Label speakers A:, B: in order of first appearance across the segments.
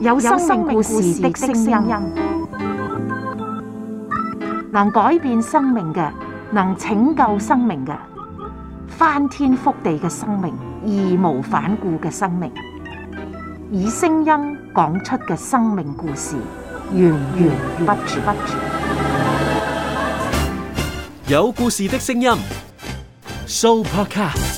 A: 有生命故事的聲音，能改變生命嘅，能拯救生命嘅，翻天覆地嘅生命，義無反顧嘅生命，以聲音講出嘅生命故事，源源不絕。有故事的聲音，Soupercast。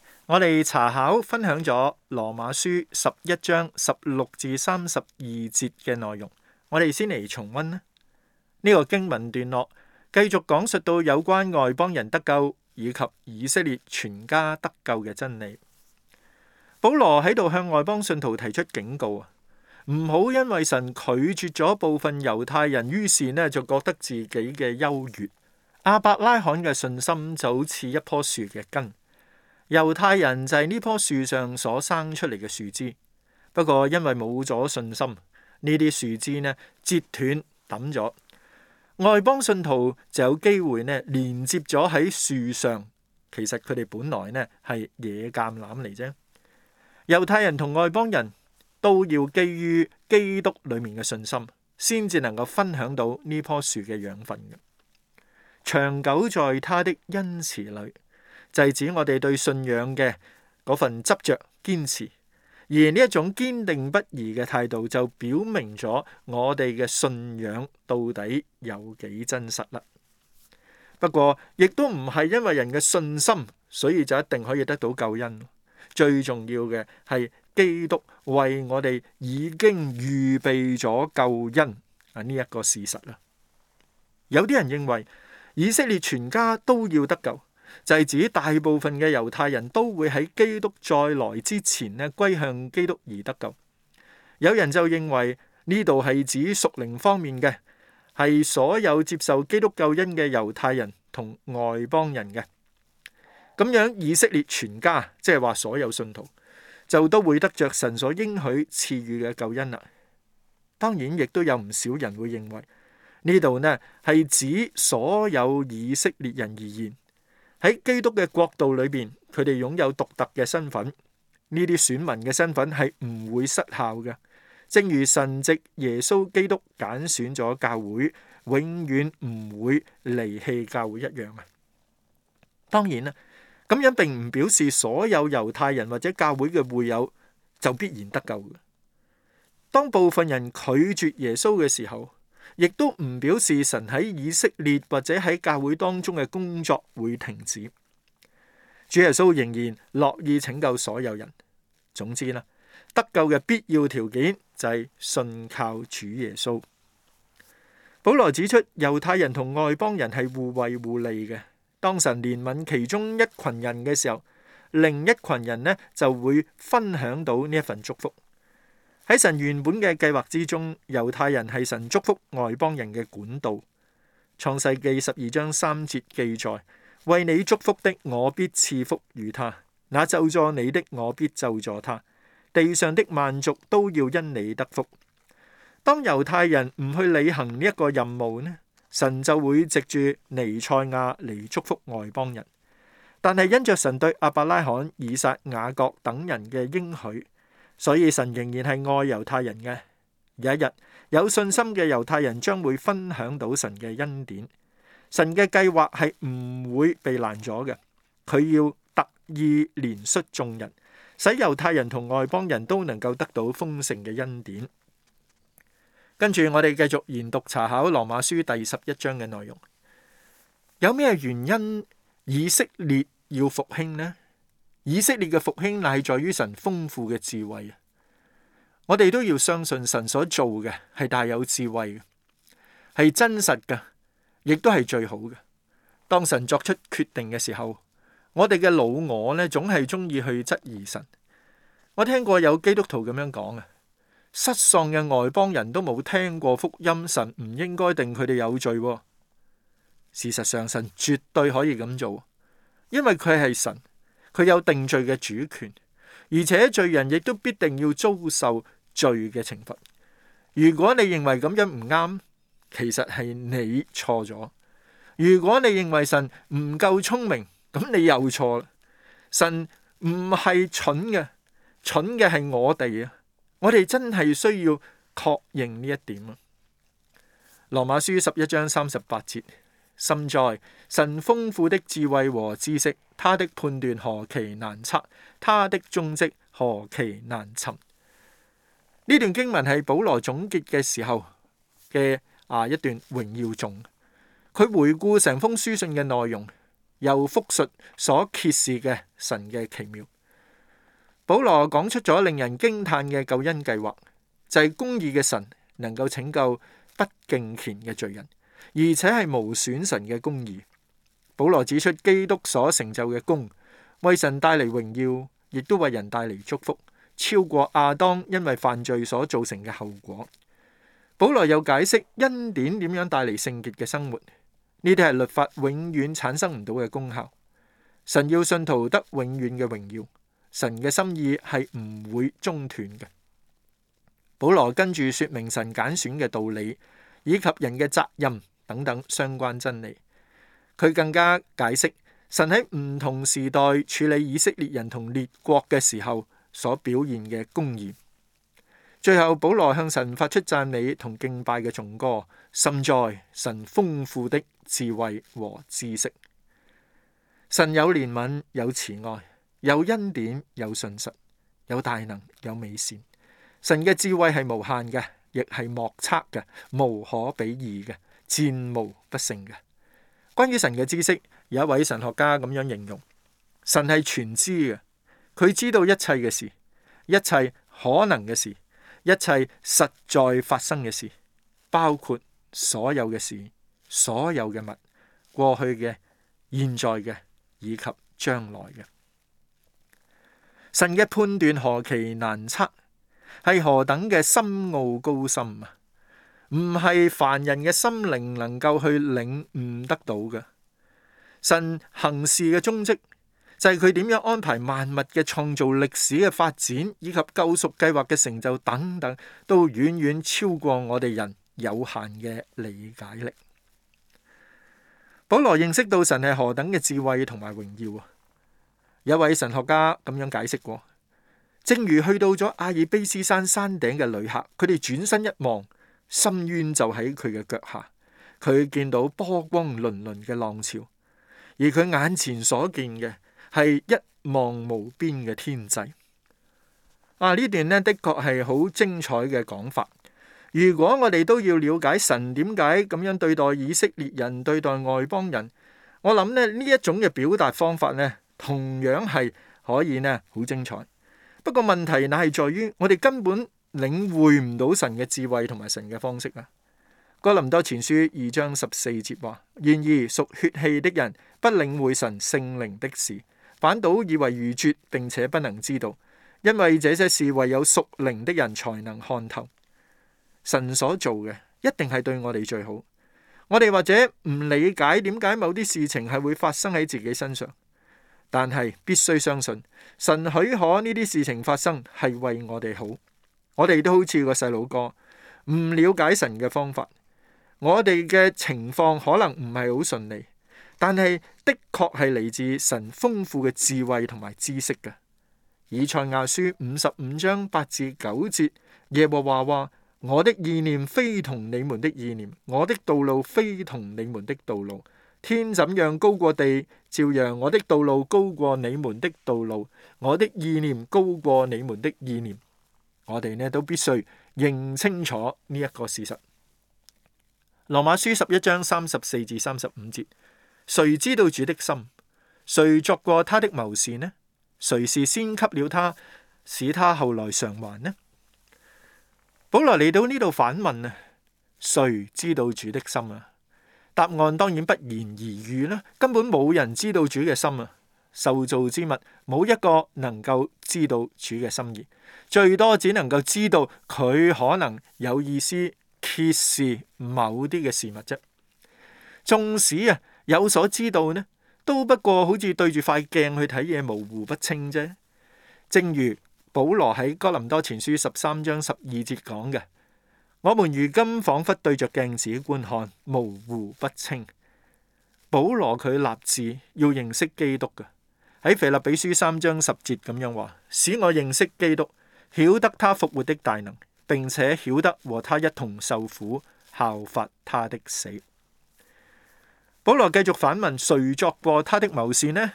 A: 我哋查考分享咗羅馬書十一章十六至三十二節嘅內容，我哋先嚟重溫呢、呢個經文段落，繼續講述到有關外邦人得救以及以色列全家得救嘅真理。保羅喺度向外邦信徒提出警告啊，唔好因為神拒絕咗部分猶太人，於是呢就覺得自己嘅優越。亞伯拉罕嘅信心就好似一棵樹嘅根。猶太人就係呢棵樹上所生出嚟嘅樹枝，不過因為冇咗信心，呢啲樹枝呢，折斷抌咗。外邦信徒就有機會呢，連接咗喺樹上，其實佢哋本來呢係野橄欖嚟啫。猶太人同外邦人都要基於基督裏面嘅信心，先至能夠分享到呢棵樹嘅養分嘅。長久在他的恩慈裏。制止我哋對信仰嘅嗰份執着堅持，而呢一種堅定不移嘅態度就表明咗我哋嘅信仰到底有幾真實啦。不過亦都唔係因為人嘅信心，所以就一定可以得到救恩。最重要嘅係基督為我哋已經預備咗救恩啊！呢一個事實啦。有啲人認為以色列全家都要得救。就係指大部分嘅猶太人都會喺基督再來之前咧，歸向基督而得救。有人就認為呢度係指屬靈方面嘅，係所有接受基督救恩嘅猶太人同外邦人嘅。咁樣，以色列全家即係話所有信徒就都會得着神所應許賜予嘅救恩啦。當然，亦都有唔少人會認為呢度呢係指所有以色列人而言。喺基督嘅國度裏邊，佢哋擁有獨特嘅身份。呢啲選民嘅身份係唔會失效嘅。正如神藉耶穌基督揀選咗教會，永遠唔會離棄教會一樣啊。當然啦，咁樣並唔表示所有猶太人或者教會嘅會友就必然得救嘅。當部分人拒絕耶穌嘅時候，亦都唔表示神喺以色列或者喺教會當中嘅工作會停止，主耶穌仍然樂意拯救所有人。總之啦，得救嘅必要條件就係信靠主耶穌。保羅指出，猶太人同外邦人係互惠互利嘅，當神憐憫其中一群人嘅時候，另一群人呢就會分享到呢一份祝福。喺神原本嘅計劃之中，猶太人係神祝福外邦人嘅管道。創世記十二章三節記載：為你祝福的，我必賜福與他；那咒詛你的，我必咒詛他。地上的萬族都要因你得福。當猶太人唔去履行呢一個任務呢，神就會藉住尼賽亞嚟祝福外邦人。但係因着神對阿伯拉罕、以撒、雅各等人嘅應許。所以神仍然係愛猶太人嘅，有一日有信心嘅猶太人將會分享到神嘅恩典。神嘅計劃係唔會被攔阻嘅，佢要特意憐恤眾人，使猶太人同外邦人都能夠得到豐盛嘅恩典。跟住我哋繼續研讀查考羅馬書第十一章嘅內容，有咩原因以色列要復興呢？以色列嘅復興乃在於神豐富嘅智慧，我哋都要相信神所做嘅係大有智慧，係真實噶，亦都係最好嘅。當神作出決定嘅時候，我哋嘅老我呢，總係中意去質疑神。我聽過有基督徒咁樣講啊：失喪嘅外邦人都冇聽過福音，神唔應該定佢哋有罪。事實上，神絕對可以咁做，因為佢係神。佢有定罪嘅主權，而且罪人亦都必定要遭受罪嘅懲罰。如果你認為咁樣唔啱，其實係你錯咗。如果你認為神唔夠聰明，咁你又錯啦。神唔係蠢嘅，蠢嘅係我哋啊！我哋真係需要確認呢一點啊。羅馬書十一章三十八節。甚在神豐富的智慧和知識，他的判斷何其難測，他的蹤跡何其難尋。呢段經文係保羅總結嘅時候嘅啊一段榮耀頌。佢回顧成封書信嘅內容，又複述所揭示嘅神嘅奇妙。保羅講出咗令人驚嘆嘅救恩計劃，就係、是、公義嘅神能夠拯救不敬虔嘅罪人。而且係無損神嘅公義。保羅指出基督所成就嘅功，為神帶嚟榮耀，亦都為人帶嚟祝福，超過亞當因為犯罪所造成嘅後果。保羅又解釋恩典點樣帶嚟聖潔嘅生活，呢啲係律法永遠產生唔到嘅功效。神要信徒得永遠嘅榮耀，神嘅心意係唔會中斷嘅。保羅跟住說明神揀選嘅道理，以及人嘅責任。等等相關真理，佢更加解釋神喺唔同時代處理以色列人同列國嘅時候所表現嘅公義。最後，保羅向神發出讚美同敬拜嘅頌歌，深哉神豐富的智慧和知識。神有憐憫，有慈愛，有恩典，有信實，有大能，有美善。神嘅智慧係無限嘅，亦係莫測嘅，無可比擬嘅。戰無不勝嘅。關於神嘅知識，有一位神學家咁樣形容：神係全知嘅，佢知道一切嘅事，一切可能嘅事，一切實在發生嘅事，包括所有嘅事、所有嘅物、過去嘅、現在嘅以及將來嘅。神嘅判斷何其難測，係何等嘅深奧高深啊！唔係凡人嘅心靈能夠去領悟得到嘅。神行事嘅蹤跡就係佢點樣安排萬物嘅創造、歷史嘅發展以及救贖計劃嘅成就等等，都遠遠超過我哋人有限嘅理解力。保羅認識到神係何等嘅智慧同埋榮耀啊！有位神學家咁樣解釋過：正如去到咗阿爾卑斯山山頂嘅旅客，佢哋轉身一望。深淵就喺佢嘅腳下，佢見到波光粼粼嘅浪潮，而佢眼前所見嘅係一望無邊嘅天際。啊，呢段呢，的確係好精彩嘅講法。如果我哋都要了解神點解咁樣對待以色列人、對待外邦人，我諗呢呢一種嘅表達方法呢，同樣係可以呢好精彩。不過問題乃係在於，我哋根本。領會唔到神嘅智慧同埋神嘅方式啊，《哥林多前書》二章十四節話：然而屬血氣的人不領會神聖靈的事，反倒以為愚拙，並且不能知道，因為這些事唯有屬靈的人才能看透。神所做嘅一定係對我哋最好。我哋或者唔理解點解某啲事情係會發生喺自己身上，但係必須相信神許可呢啲事情發生係為我哋好。我哋都好似個細佬哥，唔了解神嘅方法。我哋嘅情況可能唔係好順利，但係的確係嚟自神豐富嘅智慧同埋知識㗎。以賽亞書五十五章八至九節，耶和華話：「我的意念非同你們的意念，我的道路非同你們的道路。天怎樣高過地，照樣我的道路高過你們的道路，我的意念高過你們的意念。」我哋呢都必須認清楚呢一個事實。羅馬書十一章三十四至三十五節，誰知道主的心？誰作過他的謀士呢？誰是先給了他，使他後來償還呢？保羅嚟到呢度反問啊，誰知道主的心啊？答案當然不言而喻啦，根本冇人知道主嘅心啊！受造之物冇一個能夠知道主嘅心意，最多只能夠知道佢可能有意思揭示某啲嘅事物啫。縱使啊有所知道呢，都不過好似對住塊鏡去睇嘢，模糊不清啫。正如保羅喺哥林多前書十三章十二節講嘅：我們如今仿佛對着鏡子觀看，模糊不清。保羅佢立志要認識基督嘅。喺腓立比書三章十節咁樣話，使我認識基督，曉得他復活的大能，並且曉得和他一同受苦，效法他的死。保羅繼續反問：誰作過他的謀算呢？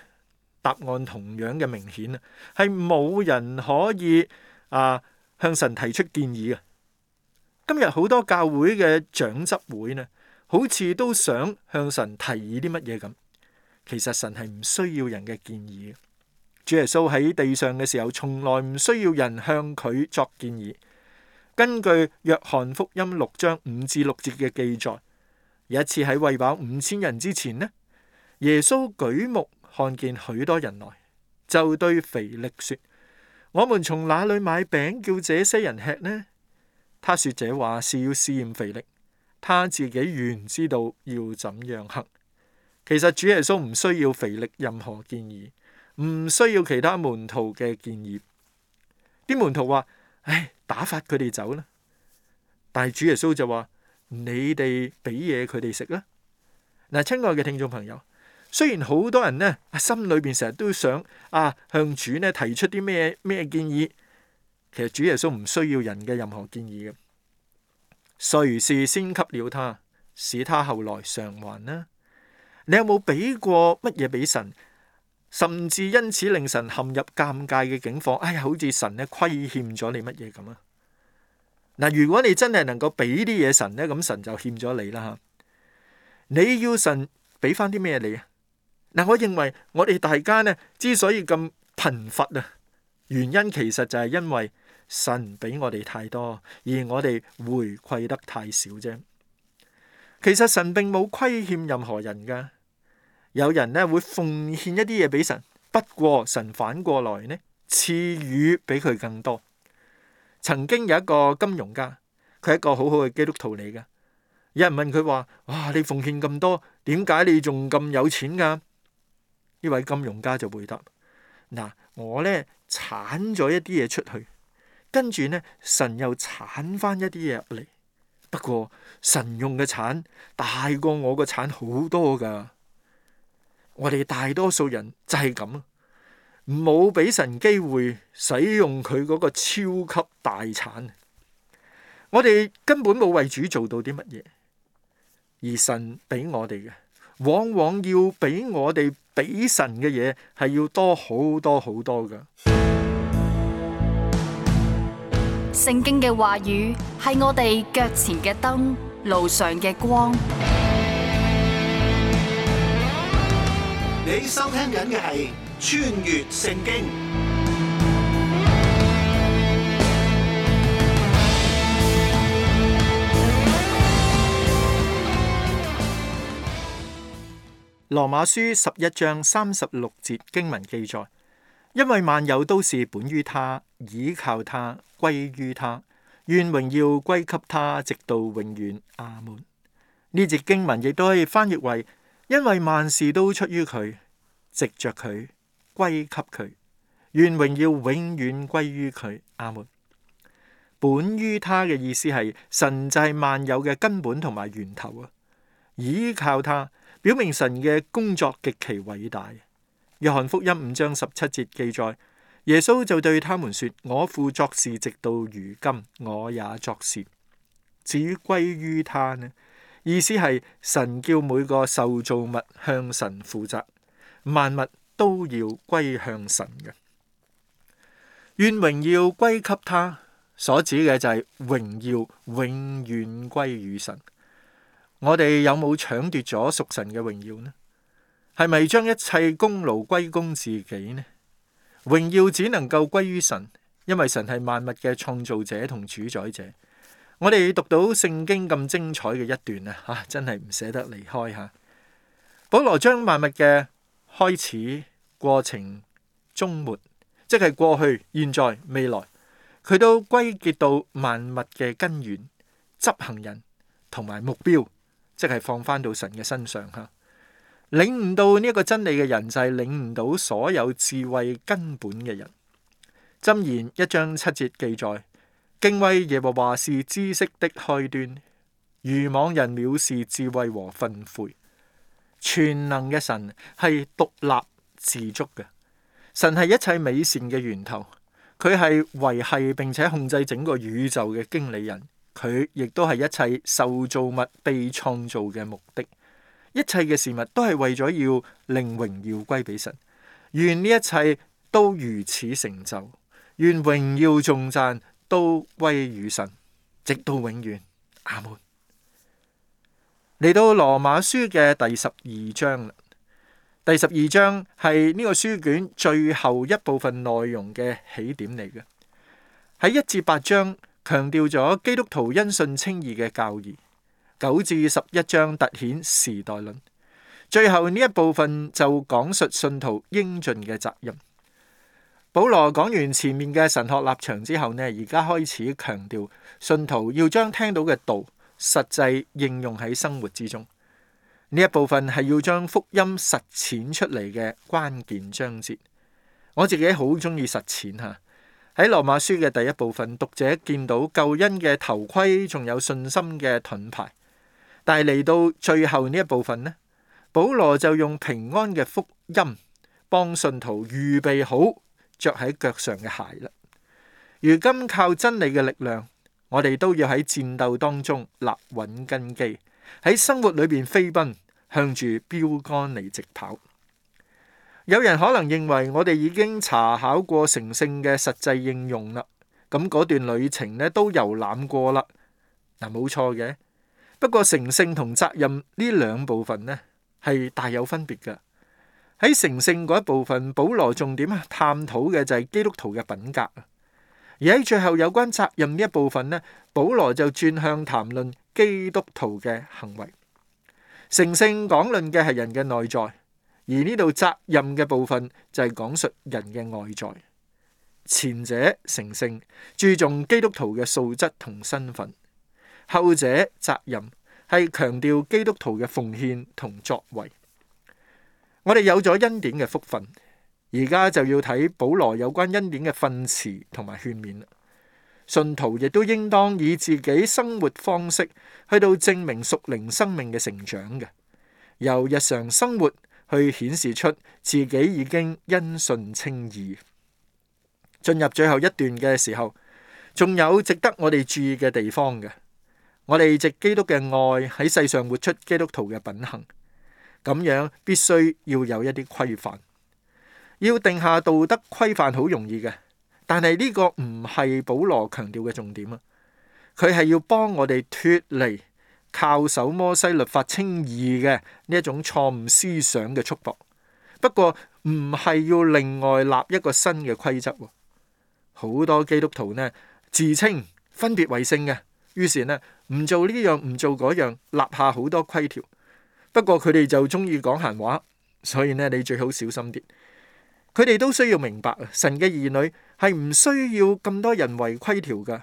A: 答案同樣嘅明顯啊，係冇人可以啊向神提出建議嘅。今日好多教會嘅長執會呢，好似都想向神提議啲乜嘢咁。其實神係唔需要人嘅建議嘅。主耶穌喺地上嘅時候，從來唔需要人向佢作建議。根據約翰福音六章五至六節嘅記載，有一次喺餵飽五千人之前呢，耶穌舉目看見許多人來，就對腓力說：「我們從哪裏買餅叫這些人吃呢？」他說這話是要試驗腓力，他自己原知道要怎樣行。其實主耶穌唔需要腓力任何建議，唔需要其他門徒嘅建議。啲門徒話：唉，打發佢哋走啦。但係主耶穌就話：你哋俾嘢佢哋食啦。嗱，親愛嘅聽眾朋友，雖然好多人呢，心裏邊成日都想啊向主呢提出啲咩咩建議，其實主耶穌唔需要人嘅任何建議嘅。誰是先給了他，使他後來償還呢？你有冇俾過乜嘢俾神？甚至因此令神陷入尷尬嘅境況？哎呀，好似神咧虧欠咗你乜嘢咁啊！嗱，如果你真係能夠俾啲嘢神咧，咁神就欠咗你啦吓。你要神俾翻啲咩你啊？嗱，我認為我哋大家呢之所以咁貧乏啊，原因其實就係因為神俾我哋太多，而我哋回饋得太少啫。其實神並冇虧欠任何人噶。有人呢會奉獻一啲嘢俾神，不過神反過來呢，賜予俾佢更多。曾經有一個金融家，佢係一個好好嘅基督徒嚟㗎。有人問佢話，哇，你奉獻咁多，點解你仲咁有錢㗎？呢位金融家就回答，嗱，我呢鏟咗一啲嘢出去，跟住呢神又鏟翻一啲嘢入嚟。不過神用嘅鏟大過我個鏟好多㗎。我哋大多數人就係咁咯，冇俾神機會使用佢嗰個超級大鏟，我哋根本冇為主做到啲乜嘢，而神俾我哋嘅，往往要比我哋俾神嘅嘢係要多好多好多噶。聖經嘅話語係我哋腳前嘅燈，路上嘅光。你收聽緊嘅係《穿越聖經》，羅馬書十一章三十六節經文記載：因為萬有都是本於他，倚靠他、歸於他，願榮耀歸給他，直到永遠。阿門。呢節經文亦都可以翻譯為。因為萬事都出於佢，藉着佢歸給佢，願榮耀永遠歸於佢。阿門。本於他嘅意思係神就係萬有嘅根本同埋源頭啊！依靠他，表明神嘅工作極其偉大。約翰福音五章十七節記載，耶穌就對他們說：我父作事直到如今，我也作事，至於歸於他呢。意思係神叫每個受造物向神負責，萬物都要歸向神嘅。願榮耀歸給他，所指嘅就係榮耀永遠歸於神。我哋有冇搶奪咗屬神嘅榮耀呢？係咪將一切功勞歸功自己呢？榮耀只能夠歸於神，因為神係萬物嘅創造者同主宰者。我哋讀到聖經咁精彩嘅一段啊，吓真係唔捨得離開吓、啊。保羅將萬物嘅開始、過程、終末，即係過去、現在、未來，佢都歸結到萬物嘅根源、執行人同埋目標，即係放翻到神嘅身上吓、啊。領悟到呢個真理嘅人就係、是、領悟到所有智慧根本嘅人。箴言一章七節記載。敬畏耶和華是知識的開端，愚妄人藐視智慧和訓誨。全能嘅神係獨立自足嘅，神係一切美善嘅源頭。佢係維繫並且控制整個宇宙嘅經理人，佢亦都係一切受造物被創造嘅目的。一切嘅事物都係為咗要令榮耀歸俾神。願呢一切都如此成就，願榮耀眾讚都歸於神，直到永遠。阿門。嚟到羅馬書嘅第十二章啦，第十二章係呢個書卷最後一部分內容嘅起點嚟嘅。喺一至八章強調咗基督徒因信稱義嘅教義，九至十一章突顯時代論，最後呢一部分就講述信徒應盡嘅責任。保羅講完前面嘅神學立場之後呢，而家開始強調信徒要將聽到嘅道實際應用喺生活之中。呢一部分係要將福音實踐出嚟嘅關鍵章節。我自己好中意實踐吓，喺羅馬書嘅第一部分，讀者見到救恩嘅頭盔，仲有信心嘅盾牌。但係嚟到最後呢一部分呢，保羅就用平安嘅福音幫信徒預備好。着喺腳上嘅鞋啦，如今靠真理嘅力量，我哋都要喺戰鬥當中立穩根基，喺生活裏邊飛奔，向住標杆嚟直跑。有人可能認為我哋已經查考過成聖嘅實際應用啦，咁嗰段旅程呢，都遊覽過啦，嗱冇錯嘅。不過成聖同責任呢兩部分呢，係大有分別嘅。喺成聖嗰一部分，保羅重點啊探討嘅就係基督徒嘅品格。而喺最後有關責任呢一部分呢，保羅就轉向談論基督徒嘅行為。成聖講論嘅係人嘅內在，而呢度責任嘅部分就係講述人嘅外在。前者成聖注重基督徒嘅素質同身份，後者責任係強調基督徒嘅奉獻同作為。我哋有咗恩典嘅福分，而家就要睇保羅有關恩典嘅訓詞同埋勸勉啦。信徒亦都應當以自己生活方式去到證明屬靈生命嘅成長嘅，由日常生活去顯示出自己已經因信稱義。進入最後一段嘅時候，仲有值得我哋注意嘅地方嘅。我哋藉基督嘅愛喺世上活出基督徒嘅品行。咁樣必須要有一啲規範，要定下道德規範，好容易嘅。但係呢個唔係保羅強調嘅重點啊！佢係要幫我哋脫離靠守摩西律法稱義嘅呢一種錯誤思想嘅束縛。不過唔係要另外立一個新嘅規則。好多基督徒呢，自稱分別為聖嘅，於是呢，唔做呢樣唔做嗰樣，立下好多規條。不過佢哋就中意講閒話，所以呢，你最好小心啲。佢哋都需要明白神嘅兒女係唔需要咁多人為規條㗎。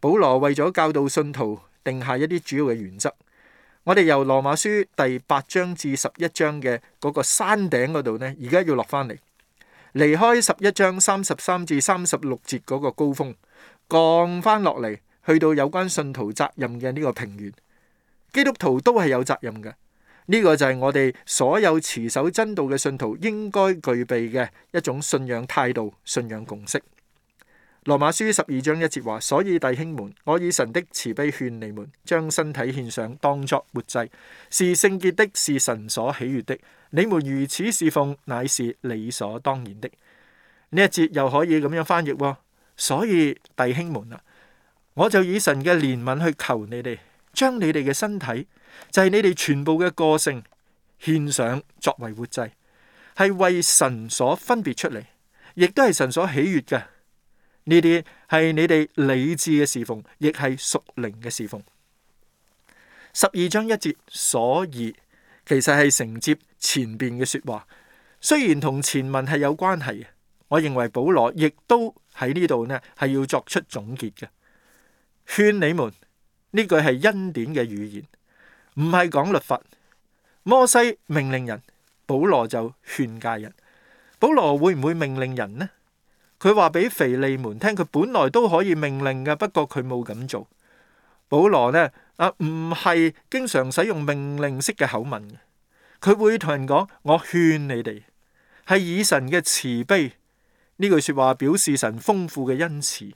A: 保羅為咗教導信徒，定下一啲主要嘅原則。我哋由羅馬書第八章至十一章嘅嗰個山頂嗰度呢，而家要落翻嚟，離開十一章三十三至三十六節嗰個高峰，降翻落嚟，去到有關信徒責任嘅呢個平原。基督徒都係有責任嘅。呢個就係我哋所有持守真道嘅信徒應該具備嘅一種信仰態度、信仰共識。羅馬書十二章一節話：所以弟兄們，我以神的慈悲勸你們，將身體獻上，當作活祭，是聖潔的，是神所喜悅的。你們如此侍奉，乃是理所當然的。呢一節又可以咁樣翻譯哦：所以弟兄們啊，我就以神嘅憐憫去求你哋，將你哋嘅身體。就係你哋全部嘅個性獻上作為活祭，係為神所分別出嚟，亦都係神所喜悅嘅。呢啲係你哋理智嘅侍奉，亦係屬靈嘅侍奉。十二章一節「所以」其實係承接前邊嘅說話，雖然同前文係有關係，我認為保羅亦都喺呢度呢係要作出總結嘅。勸你們，呢句係恩典嘅語言。唔係講律法，摩西命令人，保羅就勸戒人。保羅會唔會命令人呢？佢話俾腓利門聽，佢本來都可以命令嘅，不過佢冇咁做。保羅呢啊唔係經常使用命令式嘅口吻，佢會同人講：我勸你哋係以神嘅慈悲，呢句説話表示神豐富嘅恩慈。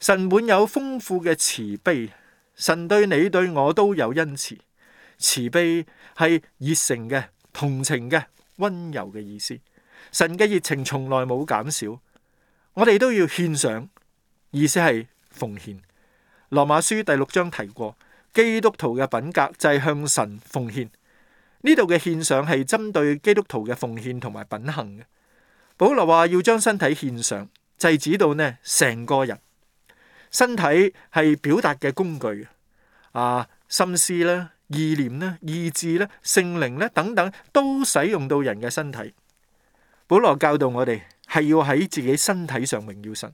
A: 神滿有豐富嘅慈悲。神對你對我都有恩慈，慈悲係熱誠嘅、同情嘅、溫柔嘅意思。神嘅熱情從來冇減少，我哋都要獻上，意思係奉獻。羅馬書第六章提過，基督徒嘅品格就係向神奉獻。呢度嘅獻上係針對基督徒嘅奉獻同埋品行嘅。保羅話要將身體獻上，就係指到呢成個人。身體係表達嘅工具啊，心思咧、意念咧、意志咧、性靈咧等等，都使用到人嘅身體。保羅教導我哋係要喺自己身體上榮耀神。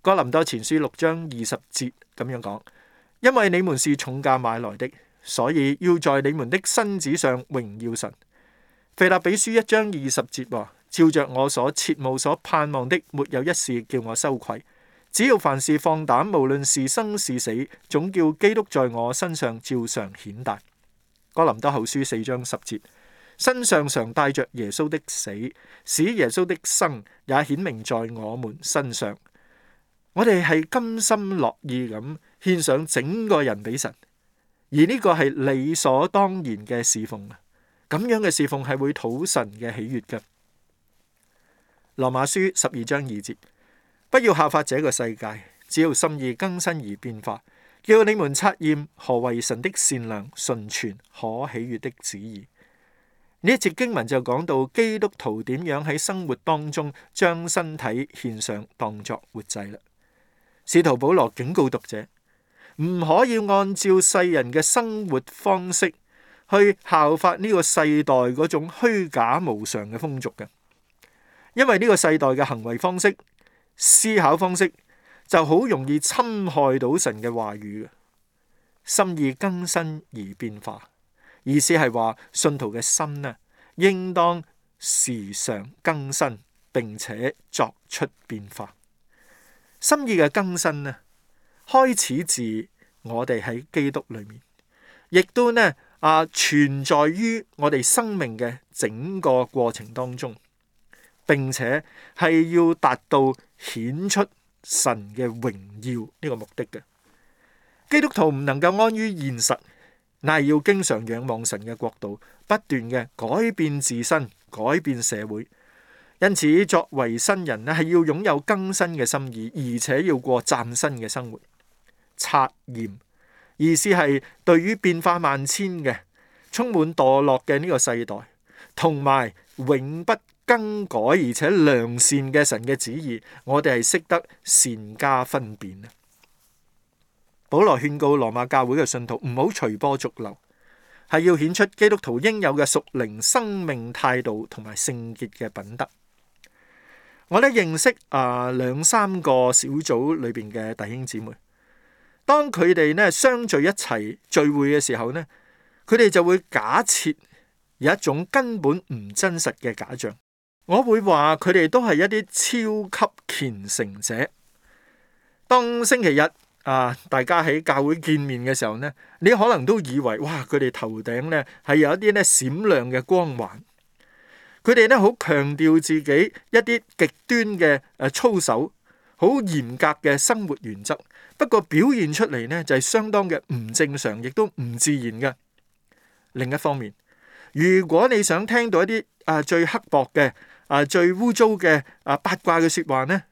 A: 哥林多前書六章二十節咁樣講：因為你們是重價買來的，所以要在你們的身子上榮耀神。腓立比書一章二十節話：照着我所切慕所盼望的，沒有一事叫我羞愧。只要凡事放膽，無論是生是死，總叫基督在我身上照常顯大。哥林多後書四章十節，身上常帶着耶穌的死，使耶穌的生也顯明在我們身上。我哋係甘心樂意咁獻上整個人俾神，而呢個係理所當然嘅侍奉啊！咁樣嘅侍奉係會討神嘅喜悅嘅。羅馬書十二章二節。不要效法這個世界，只要心意更新而變化，叫你們察驗何為神的善良、純全、可喜悅的旨意。呢節經文就講到基督徒點樣喺生活當中將身體獻上，當作活祭啦。使徒保羅警告讀者，唔可以按照世人嘅生活方式去效法呢個世代嗰種虛假無常嘅風俗嘅，因為呢個世代嘅行為方式、思考方式就好容易侵害到神嘅話語。心意更新而變化，意思係話信徒嘅心呢，應當時常更新，並且作出變化。心意嘅更新呢，開始自我哋喺基督裏面，亦都呢啊存在於我哋生命嘅整個過程當中，並且係要達到。顯出神嘅榮耀呢個目的嘅基督徒唔能夠安於現實，乃係要經常仰望神嘅國度，不斷嘅改變自身，改變社會。因此，作為新人咧，係要擁有更新嘅心意，而且要過嶄新嘅生活。拆驗意思係對於變化萬千嘅充滿墮落嘅呢個世代，同埋永不。更改而且良善嘅神嘅旨意，我哋係識得善加分辨啊。保羅勸告羅馬教會嘅信徒唔好隨波逐流，係要顯出基督徒應有嘅屬靈生命態度同埋聖潔嘅品德。我咧認識啊呃、兩三個小組裏邊嘅弟兄姊妹，當佢哋咧相聚一齊聚會嘅時候呢，佢哋就會假設有一種根本唔真實嘅假象。我會話佢哋都係一啲超級虔誠者。當星期日啊，大家喺教會見面嘅時候呢，你可能都以為哇，佢哋頭頂呢係有一啲閃亮嘅光環。佢哋呢好強調自己一啲極端嘅誒操守，好嚴格嘅生活原則。不過表現出嚟呢就係相當嘅唔正常，亦都唔自然嘅。另一方面，如果你想聽到一啲誒、啊、最刻薄嘅，啊！最污糟嘅啊八卦嘅説話呢，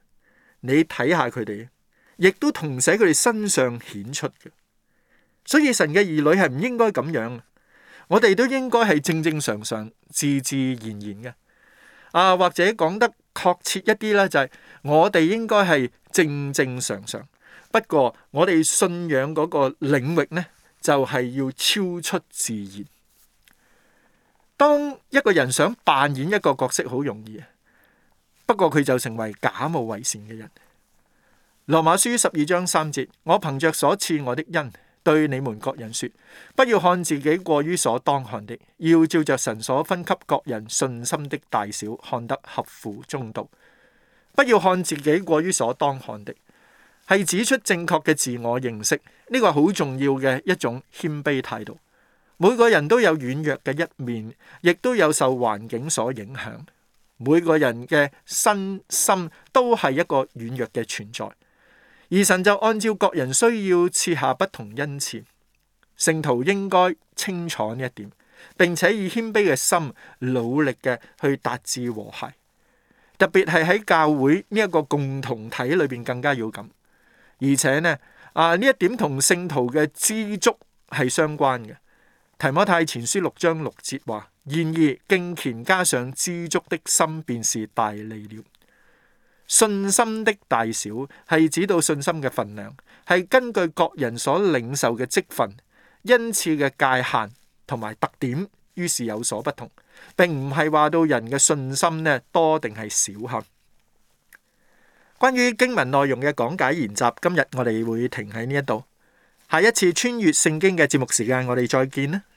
A: 你睇下佢哋，亦都同寫佢哋身上顯出嘅。所以神嘅兒女係唔應該咁樣，我哋都應該係正正常常、自自然然嘅。啊，或者講得確切一啲呢，就係、是、我哋應該係正正常常。不過我哋信仰嗰個領域呢，就係、是、要超出自然。當一個人想扮演一個角色，好容易，不過佢就成為假冒為善嘅人。羅馬書十二章三節，我憑着所賜我的恩，對你們各人說，不要看自己過於所當看的，要照着神所分給各人信心的大小，看得合乎中道。不要看自己過於所當看的，係指出正確嘅自我認識，呢個係好重要嘅一種謙卑態度。每個人都有軟弱嘅一面，亦都有受環境所影響。每個人嘅身心都係一個軟弱嘅存在，而神就按照各人需要設下不同恩賜。聖徒應該清楚呢一點，並且以謙卑嘅心努力嘅去達至和諧，特別係喺教會呢一個共同體裏邊更加要噉。而且呢，啊，呢一點同聖徒嘅知足係相關嘅。提摩太前書六章六節話：然而敬虔加上知足的心，便是大利了。信心的大小，係指到信心嘅份量，係根據各人所領受嘅職分、恩賜嘅界限同埋特點，於是有所不同，並唔係話到人嘅信心呢多定係少吓。關於經文內容嘅講解研習，今日我哋會停喺呢一度。下一次穿越聖經嘅節目時間，我哋再見啦。